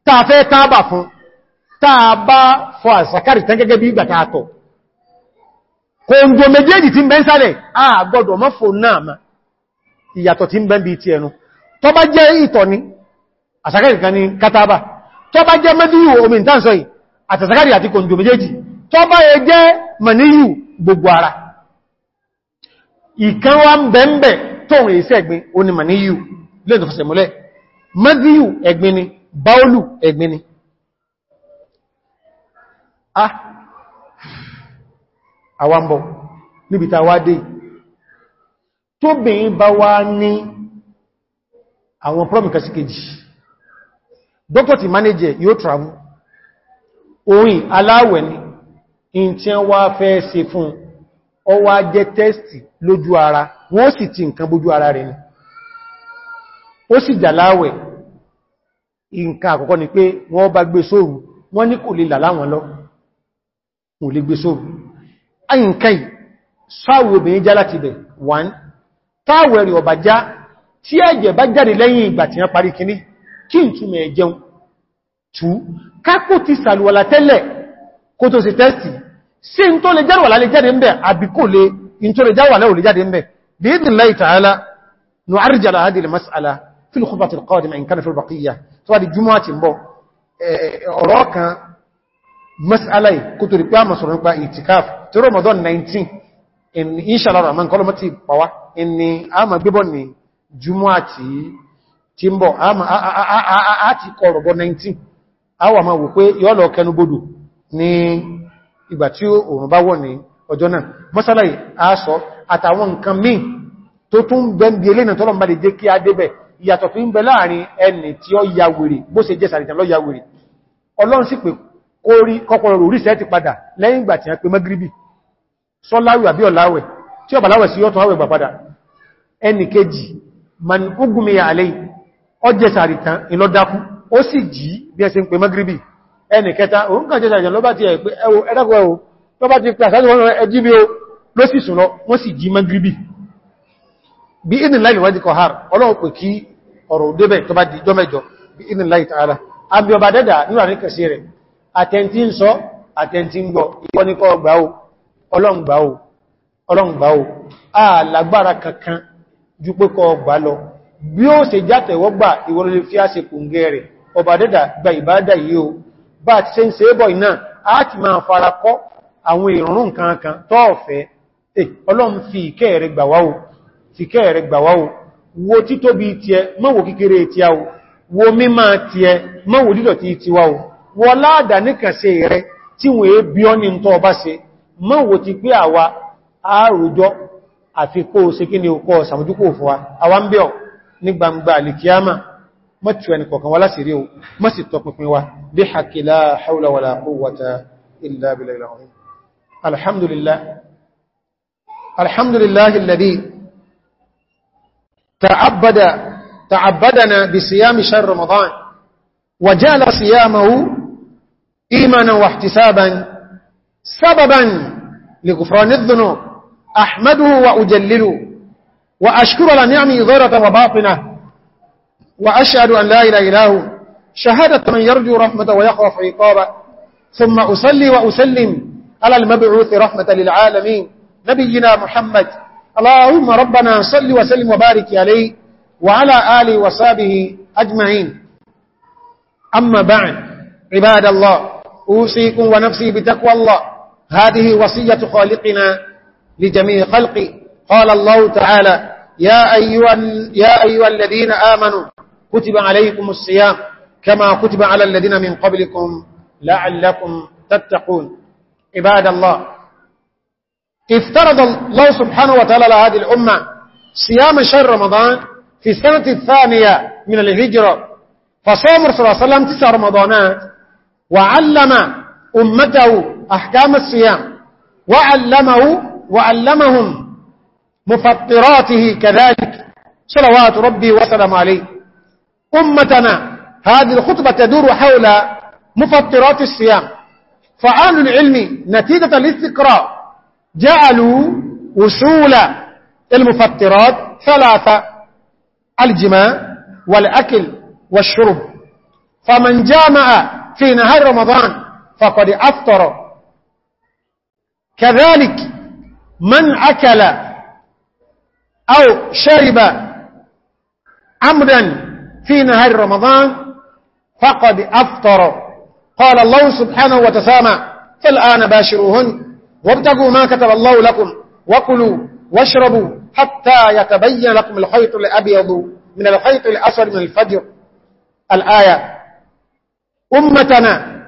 S1: tàà fẹ́ tábà fún tàà bá fọ́ àsàkárì tán gẹ́gẹ́ bí ìgbà tààtọ̀ kò ń gbò méjèèjì tí ń ma ìyàtọ̀ tí ń bẹ́ ń bí ti ẹnu tó bá jẹ́ ìtọ̀ ni àsàkárì kan ní kátàbà tó bá jẹ́ omi gbogbo ara ìkan wá ń bẹ̀m̀bẹ̀ tóun èsẹ́ ẹ̀gbin o ni màníyù lè tó fẹsẹ̀ múlẹ̀ mẹ́díyù ẹ̀gbin ni báólù ẹ̀gbin ni ah, a àwambọ̀ níbi ta wá dé tó bá wá ní àwọn prọ́mìkà sí ti manager yóò travel orin aláwẹ̀ ni in tí wá fẹ́ ṣe fún un ó wá jẹ́ tẹ́ẹ̀sì lójú ara wọ́n sì ti nǹkan bójú ara rẹ̀ ni ó sì jàláwẹ̀ nǹkan àkọ́kọ́ ni pé wọ́n bá gbé sóòrù wọ́n ní kò lè là láwọn lọ kò lè gbé sóòrù ayìnkan sáwọ̀ obìnrin já láti bẹ̀ 1 táwẹ̀ rẹ̀ ọ̀bà já tí ẹ̀jẹ̀ bá jáde lẹ́yìn ìgbà tí wọ́n parí kìíní kí n túnmẹ̀ ẹ̀jẹun 2 kápò ti sàlùwàlà tẹ́lẹ̀ kó tó ṣe tẹ́sì sí n tó lè jẹ́rọ wàlá lè jáde ń bẹ̀ àbí kò lè in tó lè jẹ́rọ wàlá ò lè jáde ń bẹ̀ bí i dìnlá ìtàhálà ní àríjà láàájì lè masala fílù kúfà tí kọ́ dìmọ̀ nǹkan fílù bàkíyà tó wà di jùmọ́ àti mbọ̀ ọ̀rọ̀ kan masala kò tó rí pé a mọ̀ sọ̀rọ̀ nípa itikaf tí Ramadan 19 inshallah rahman kọlọmọ ti pàwá ni 19 a ma wò pé yọ́ lọ kẹnubodò ní ìgbà tí òòrùn bá wọ̀ ní ọjọ́ náà mọ́sálàì aṣọ àtàwọn nǹkan míì tó tún bẹ́ndì eléna tọ́lọ̀ bá lè jẹ́ kí a débẹ̀ ìyàtọ̀ fi ń bẹ láàrin ẹni tí ó ya wèrè bó ṣe jẹ́ sàrìtàn lọ ya wèrè ọlọ́run sì pé kórí kọkọrọ orí sẹ́ ti padà lẹ́yìn ìgbà tí a pé magribi sọ́láwẹ̀ àbí ọ̀láwẹ̀ tí ọ̀bà láwẹ̀ sí ọ̀tọ̀ àwẹ̀ gbà padà ẹni kejì man ugumiya alẹ́ ọjẹ́ sàrìtàn ẹni kẹta òun kàn jẹ́jà ìjàn ló bá ti ẹ̀ pé ẹwọ ẹ̀dàkọ̀ ẹwọ ló bá ti pẹ́ àṣájú wọn ẹjí bí di jọmẹjọ bí inú láì tààrà àbí ọba dẹ́dà níwà ní kẹsí rẹ̀ àtẹntí ń sọ àtẹntí ń gbọ́ ìkọ́nikọ́ gbà ó ọlọ́run gbà ó ọlọ́run gbà ó àlágbára kankan ju pé kọ gbà lọ bí ó ṣe játẹ̀wọ́gbà ìwọlọ́lẹ́ fi á kùngẹ́ rẹ̀ ọba gba ìbádà yìí o bá ti ṣe ń ṣe bọ̀ iná a ti máa farakọ́ àwọn ìrùn kankan tọ́ọ̀fẹ́ ọlọ́run fi ìkẹ́ rẹ̀ gbàwáwò ti kẹ́ rẹ̀ gbàwáwò wo títóbi ti ẹ mọ́wò kékeré ti a wo mímá ti ẹ mọ́wò dídọ̀ ti ti wá wọ láàdà níkànṣe rẹ tí wọ́n é bí ọ́ ní tọ́ ọba ṣe mọ́wò ti pé àwa àrùjọ àfikó ṣe kí ni ó kọ́ ṣàmójúkò àwa ń bẹ́ ní gbangba àlìkíyàmà mọ́tù ẹni kọ̀kan wá láti rí o mọ́ sí tọpinpin wa bí hakila haula wala quwwata illa billahi al-azim alhamdulillah alhamdulillah alladhi ta'abbada ta'abbadana bi siyami shahr ramadan wa jala siyamahu imanan wa ihtisaban sababan li ghufran adh-dhunub ahmaduhu wa ujallilu wa ashkuru ala ni'mi zahiratan wa batinah وأشهد أن لا إله إلا هو شهادة من يرجو رحمة ويخاف عقابة ثم أصلي وأسلم على المبعوث رحمة للعالمين نبينا محمد اللهم ربنا صل وسلم وبارك عليه وعلى آله وصابه أجمعين أما بعد عباد الله أوصيكم ونفسي بتقوى الله هذه وصية خالقنا لجميع خلقه قال الله تعالى يا أيها, يا أيها الذين آمنوا كتب عليكم الصيام كما كتب على الذين من قبلكم لعلكم تتقون عباد الله افترض الله سبحانه وتعالى لهذه الأمة صيام شهر رمضان في السنة الثانية من الهجرة فصام رسول الله صلى الله عليه وسلم تسع رمضانات وعلم أمته أحكام الصيام وعلمه وعلمهم مفطراته كذلك صلوات ربي وسلم عليه أمتنا هذه الخطبة تدور حول مفطرات الصيام فأهل العلم نتيجة الاستقراء جعلوا وصول المفطرات ثلاثة الجماع والأكل والشرب فمن جامع في نهار رمضان فقد أفطر كذلك من أكل أو شرب عمدا في نهار رمضان فقد أفطر قال الله سبحانه وتسامى فالآن باشروهن وابتغوا ما كتب الله لكم وكلوا واشربوا حتى يتبين لكم الخيط الأبيض من الخيط الأسر من الفجر الآية أمتنا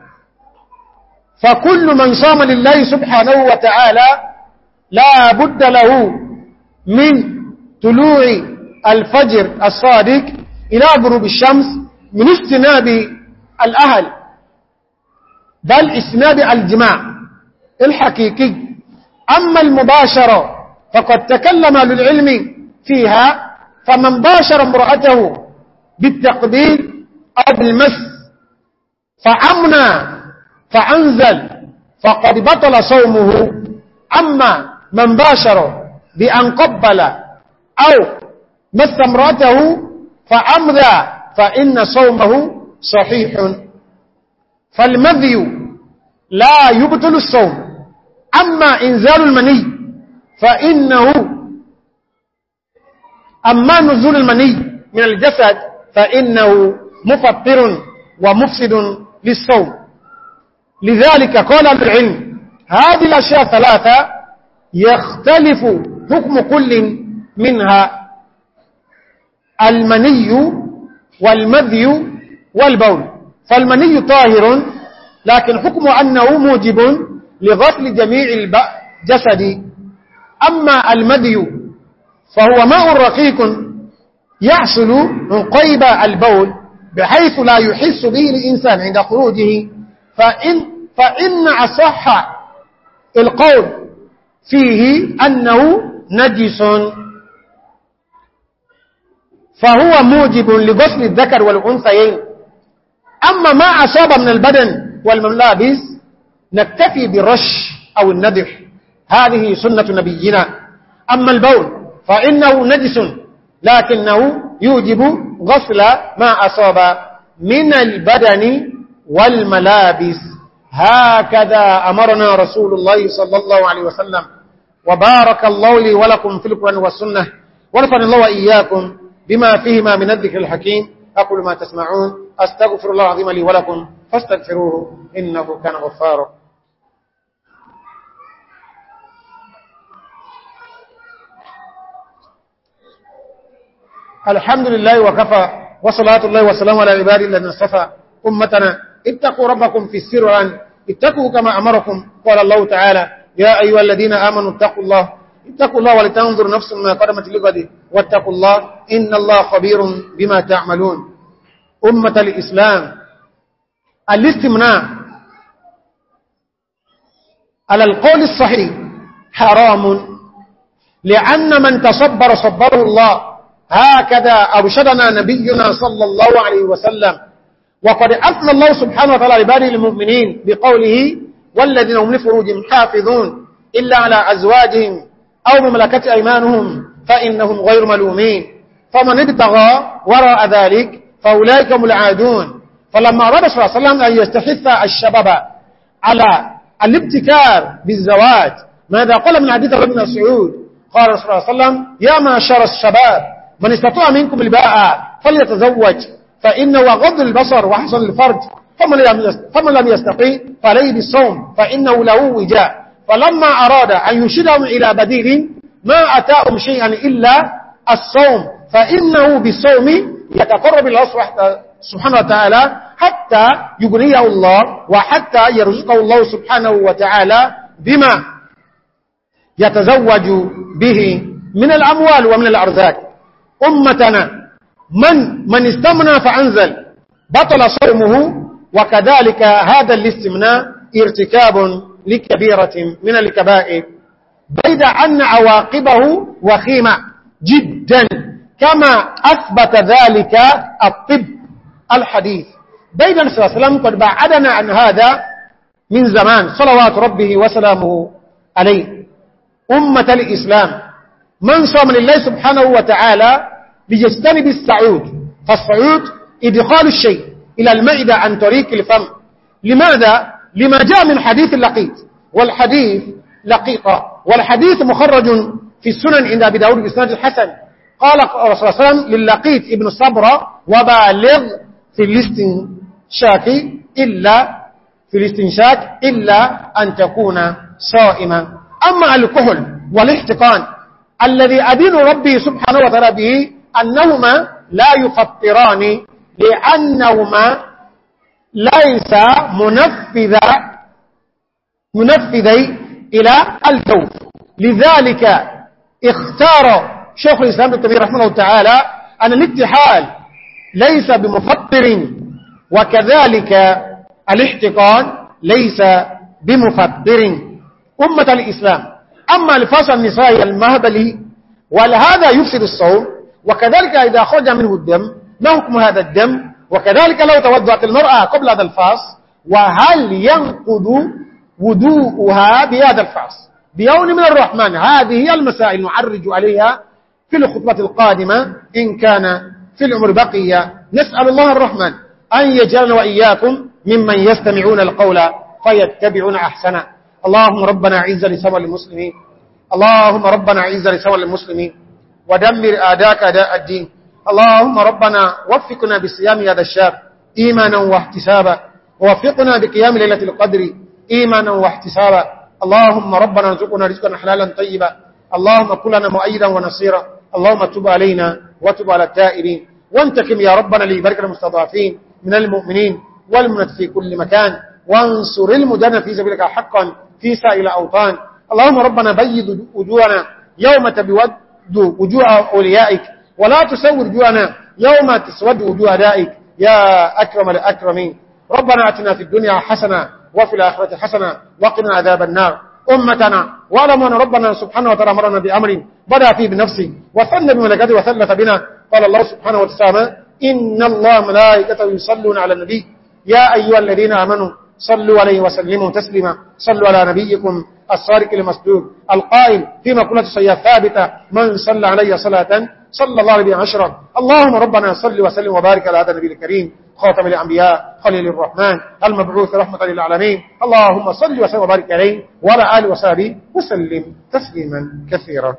S1: فكل من صام لله سبحانه وتعالى لا بد له من طلوع الفجر الصادق إلى غروب الشمس من استناد الأهل بل استناد الجماع الحقيقي أما المباشرة فقد تكلم للعلم فيها فمن باشر امرأته بالتقبيل أو بالمس فأمنى فأنزل فقد بطل صومه أما من باشر بأن قبل أو مس امرأته فعمذا فإن صومه صحيح فالمذي لا يبطل الصوم أما إنزال المني فإنه أما نزول المني من الجسد فإنه مفطر ومفسد للصوم لذلك قال العلم هذه الأشياء ثلاثة يختلف حكم كل منها المني والمذي والبول فالمني طاهر لكن حكم أنه موجب لغسل جميع الجسد أما المذي فهو ماء رقيق يحصل من قيب البول بحيث لا يحس به الإنسان عند خروجه فإن, فإن أصح القول فيه أنه نجس فهو موجب لغسل الذكر والأنثيين أما ما أصاب من البدن والملابس نكتفي بالرش أو الندح هذه سنة نبينا أما البول فإنه نجس لكنه يوجب غسل ما أصاب من البدن والملابس هكذا أمرنا رسول الله صلى الله عليه وسلم وبارك الله لي ولكم في القرآن والسنة ونفعني الله وإياكم بما فيهما من الذكر الحكيم أقول ما تسمعون أستغفر الله العظيم لي ولكم فاستغفروه إنه كان غفاره الحمد لله وكفى وصلاة الله وسلام على عباد الذين اصطفى أمتنا اتقوا ربكم في السر اتقوا كما أمركم قال الله تعالى يا أيها الذين آمنوا اتقوا الله اتقوا الله ولتنظر نفس ما قدمت لغد واتقوا الله إن الله خبير بما تعملون أمة الإسلام الاستمناء على القول الصحيح حرام لأن من تصبر صبره الله هكذا أرشدنا نبينا صلى الله عليه وسلم وقد أثنى الله سبحانه وتعالى عباده المؤمنين بقوله والذين هم لفروجهم حافظون إلا على أزواجهم أو مملكة أيمانهم فإنهم غير ملومين فمن ابتغى وراء ذلك فأولئك ملعادون فلما أراد صلى الله عليه وسلم أن يستحث الشباب على الابتكار بالزواج ماذا قال من حديث ابن السعود قال صلى الله عليه وسلم يا معشر الشباب من استطاع منكم الباء فليتزوج فإنه غض البصر وحسن الفرج فمن لم يستطيع فعليه بالصوم فإنه له وجاء فلما أراد أن يشدهم إلى بديل ما أتاهم شيئا إلا الصوم فإنه بالصوم يتقرب الله سبحانه وتعالى حتى يغنيه الله وحتى يرزقه الله سبحانه وتعالى بما يتزوج به من الأموال ومن الأرزاق أمتنا من من استمنى فأنزل بطل صومه وكذلك هذا الاستمناء ارتكاب لكبيرة من الكبائر بيد أن عواقبه وخيمة جدا كما أثبت ذلك الطب الحديث بيد صلى الله عليه وسلم قد بعدنا عن هذا من زمان صلوات ربه وسلامه عليه أمة الإسلام من صام لله سبحانه وتعالى ليجتنب السعود فالسعود إدخال الشيء إلى المعدة عن طريق الفم لماذا؟ لما جاء من حديث اللقيط والحديث لقيطة والحديث مخرج في السنن عند أبي داود بإسناد الحسن قال رسول الله صلى الله عليه وسلم للقيط ابن الصبرة وبالغ في الاستنشاك إلا في الاستنشاك إلا أن تكون صائما أما الكهل والاحتقان الذي أدين ربي سبحانه وتعالى به أنهما لا يفطران لأنهما ليس منفذا منفذي إلى الجوف لذلك اختار شيخ الإسلام تيميه رحمه تعالى أن الاتحال ليس بمفطر وكذلك الاحتقان ليس بمفطر أمة الإسلام أما الفاس النسائي المهبلي ولهذا يفسد الصوم وكذلك إذا خرج منه الدم ما حكم هذا الدم وكذلك لو توضعت المرأة قبل هذا الفاس وهل ينقض ودوءها بهذا الفاس بيون من الرحمن هذه هي المسائل نعرج عليها في الخطبة القادمة إن كان في العمر بقية نسأل الله الرحمن أن يجعلنا وإياكم ممن يستمعون القول فيتبعون أحسنه اللهم ربنا عز لسوى المسلمين اللهم ربنا عز لسوى المسلمين ودمر آداك أداء الدين اللهم ربنا وفقنا بصيام هذا الشهر إيمانا واحتسابا ووفقنا بقيام ليلة القدر إيمانا واحتسابا اللهم ربنا ارزقنا رزقا حلالا طيبا اللهم كلنا مؤيدا ونصيرا اللهم تب علينا وتب على التائبين وانتكم يا ربنا لبركة المستضعفين من المؤمنين والمنت في كل مكان وانصر المدن في سبيلك حقا في سائل أوطان اللهم ربنا بيض وجوهنا يوم تبود وجوه أوليائك ولا تسود وجوهنا يوم تسود وجوه دائك يا أكرم الأكرمين ربنا أتنا في الدنيا حسنة وفي الآخرة حسنة وقنا عذاب النار أمتنا وعلمنا ربنا سبحانه وتعالى مرنا بأمر بدأ فيه بنفسه وثنى بملكته وثلث بنا قال الله سبحانه وتعالى إن الله ملائكة يصلون على النبي يا أيها الذين آمنوا صلوا عليه وسلموا تسلما صلوا على نبيكم السارق المسدود القائم في مقولة سيئة ثابتة من صلى علي صلاة صلى الله عليه عشرا اللهم ربنا صل وسلم وبارك على هذا النبي الكريم خاتم الأنبياء خليل الرحمن المبعوث رحمة للعالمين اللهم صل وسلم وبارك عليه وعلى آله وسلم وسلم تسليما كثيرا